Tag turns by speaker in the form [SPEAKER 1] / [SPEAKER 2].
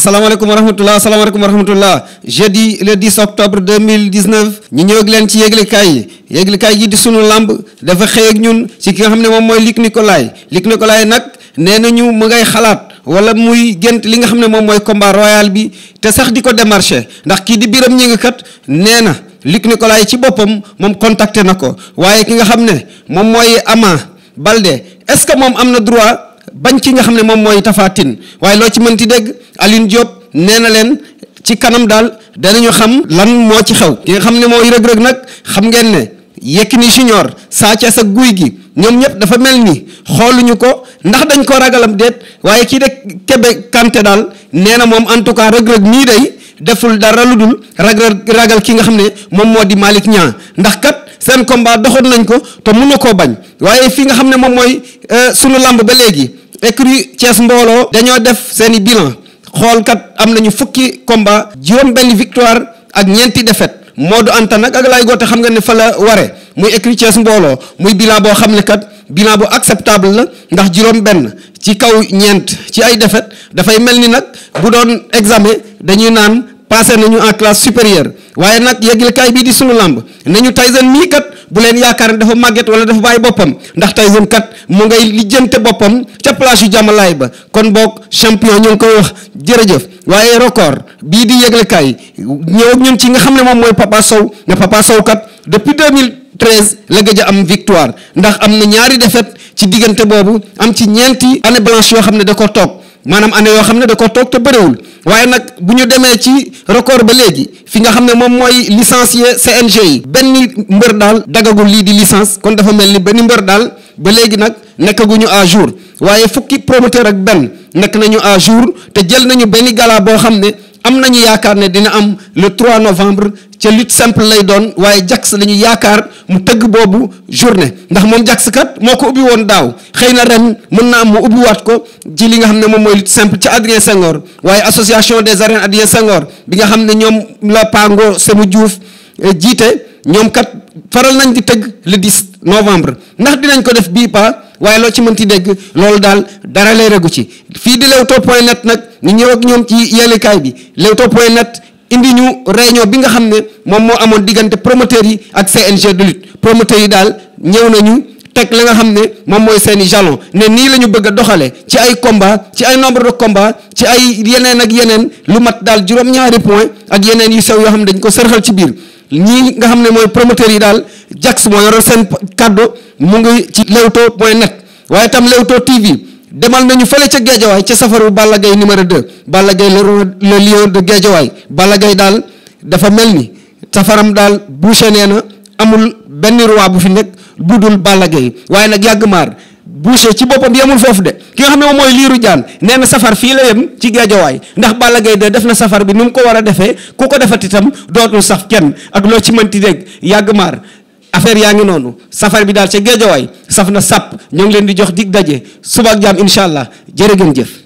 [SPEAKER 1] salaamaaleykum wa rahmatulah salaamaaleykum wa rahmatulah jeudi le 10 octobre 2019 ñu ñëw ak leen ci yëglekaay yi yëglekaay gi di sunu lamb dafa xëy ak ñun ci ki nga xam ne moom mooy Luc Nicolaï Luc Nicolaï nag nee nañu mu ngay xalaat wala muy gént li nga xam ne moom mooy combat royal bi te sax di ko démarché ndax kii di biram ñi nga kat nee na Luc Nicolaï ci boppam moom contacté na ko waaye ki nga xam ne moom mooy Ama Balde est-ce que moom am na droit. bañ ki nga xam ne moom mooy tafaatin waaye loo ci mënti dégg alin Diop nee na leen ci kanam daal ñu xam lan moo ci xew ki nga xam ne mooy rëg-rëg nag xam ngeen ne Yékini Junior Sa Thiès ak Gouye Gui ñoom ñëpp dafa mel ni xooluñu ko ndax dañ ko ragalam déet waaye kii de Kébé Kanté daal nee na moom en tout cas rëg nii day deful dara lu dul ragal ki nga xam ne moom moo di Malick Niang ndax kat seen combat doxoon nañ ko te mun na koo bañ waaye fi nga xam ne moom mooy euh, sunu làmb ba léegi écurie Thiès mbooloo dañoo def seen i bilan xoolkat kat am nañu fukki combat juróom benn victoire ak ñeenti défaite Modou Anta nag ak Laye Gothé xam nga ne fa la waree muy écurie mbooloo muy bilan boo xam ne kat bilan bu acceptable la ndax juróom benn ci kaw ñeent ci ay défaite dafay mel ni nag bu doon examen dañuy naan passé nañu en classe supérieure waaye nag yeglekaay bii di sunu làmb nañu Tyson mii kat bu leen yaakaar ne dafa màgget wala dafa bàyyi boppam ndax Tyson kat mu ngay lijjante boppam ca place yu jàmmalaay ba kon boog champion ñu ngi koy wax jërëjëf waaye record bii di yëglekaay ñëw ak ñun ci nga xam ne moom mooy Papa Sow ne Sow kat depuis 2013 la gëj a am victoire ndax am na ñaari défaite ci diggante boobu am ci ñeenti année blanche yoo xam ne da ko toog. maanaam année yoo xam ne da ko toog te bëriwul waaye nag bu ñu demee ci record ba léegi fi nga xam ne moom mooy licencié CNG yi benn mbër daal dagagul lii di licence kon dafa mel ni benn mbër daal ba léegi nag nekkaguñu à jour waaye fukki promoteur ak benn nekk nañu à jour te jël nañu benn gala boo xam ne am nañu yaakaar ne dina am le 3 novembre ca lutte simple lay doon waaye Jax la ñu yaakaar mu tëgg boobu journée ndax moom Jax kat moo ko ubbi woon daaw xëy na ren mën naa am mu ubbiwaat ko ci li nga xam ne moom mooy lutte simple ci Adrien sengor waaye association des arènes Adrien Senghor bi nga xam ne ñoom la Pango Sémou Diouf eh, jiite ñoom kat faral nañ di tëgg le 10 novembre ndax dinañ ko def bii pa waaye loo ci mënti dégg loolu daal dara lay regu ci fii di Leewtoo point net nag ñu ñëw ñoom ci yellikaay bi indi ñu réunion bi nga xam ne moom moo amoon diggante promoteurs yi ak CNG de lutte promoteurs yi daal ñëw nañu teg la nga xam ne moom mooy seeni jalon ne nii la ñu bëgg a doxale ci ay combat ci ay nombre de combat ci ay yeneen ak yeneen lu mat daal juróom-ñaari point ak yeneen yu sew yoo xam ne dañ ko sërxal ci biir ñii nga xam ne mooy promoteurs yi daal Jax moo yoroon seen kàddu mu ngi ci Leewtoo point net waaye tam Leewtoo TV demal nañu fële ca Géejawaay ca safaru Balla Gaye numéro 2 Balla Gaye le lion de Géejawaay Balla Gaye daal dafa mel ni safaram daal boucher nee na amul benn roi bu fi nekk bu dul Balla waaye nag yàgg maar boucher ci boppam yemul foofu de ki nga xam ne moom mooy liiru jaan nee na safar fii la yem ci géejawaay ndax Balla Gaye de def na safar bi nu mu ko war a defee ku ko defati itam dootul saf kenn ak loo ci mënti dégg yàgg maar affaire yaa ngi noonu safar bi daal cee ca waay saf na sàpp ñoo ngi leen di jox dig daje suba ak jàmm incha allah jërë ngeen jëf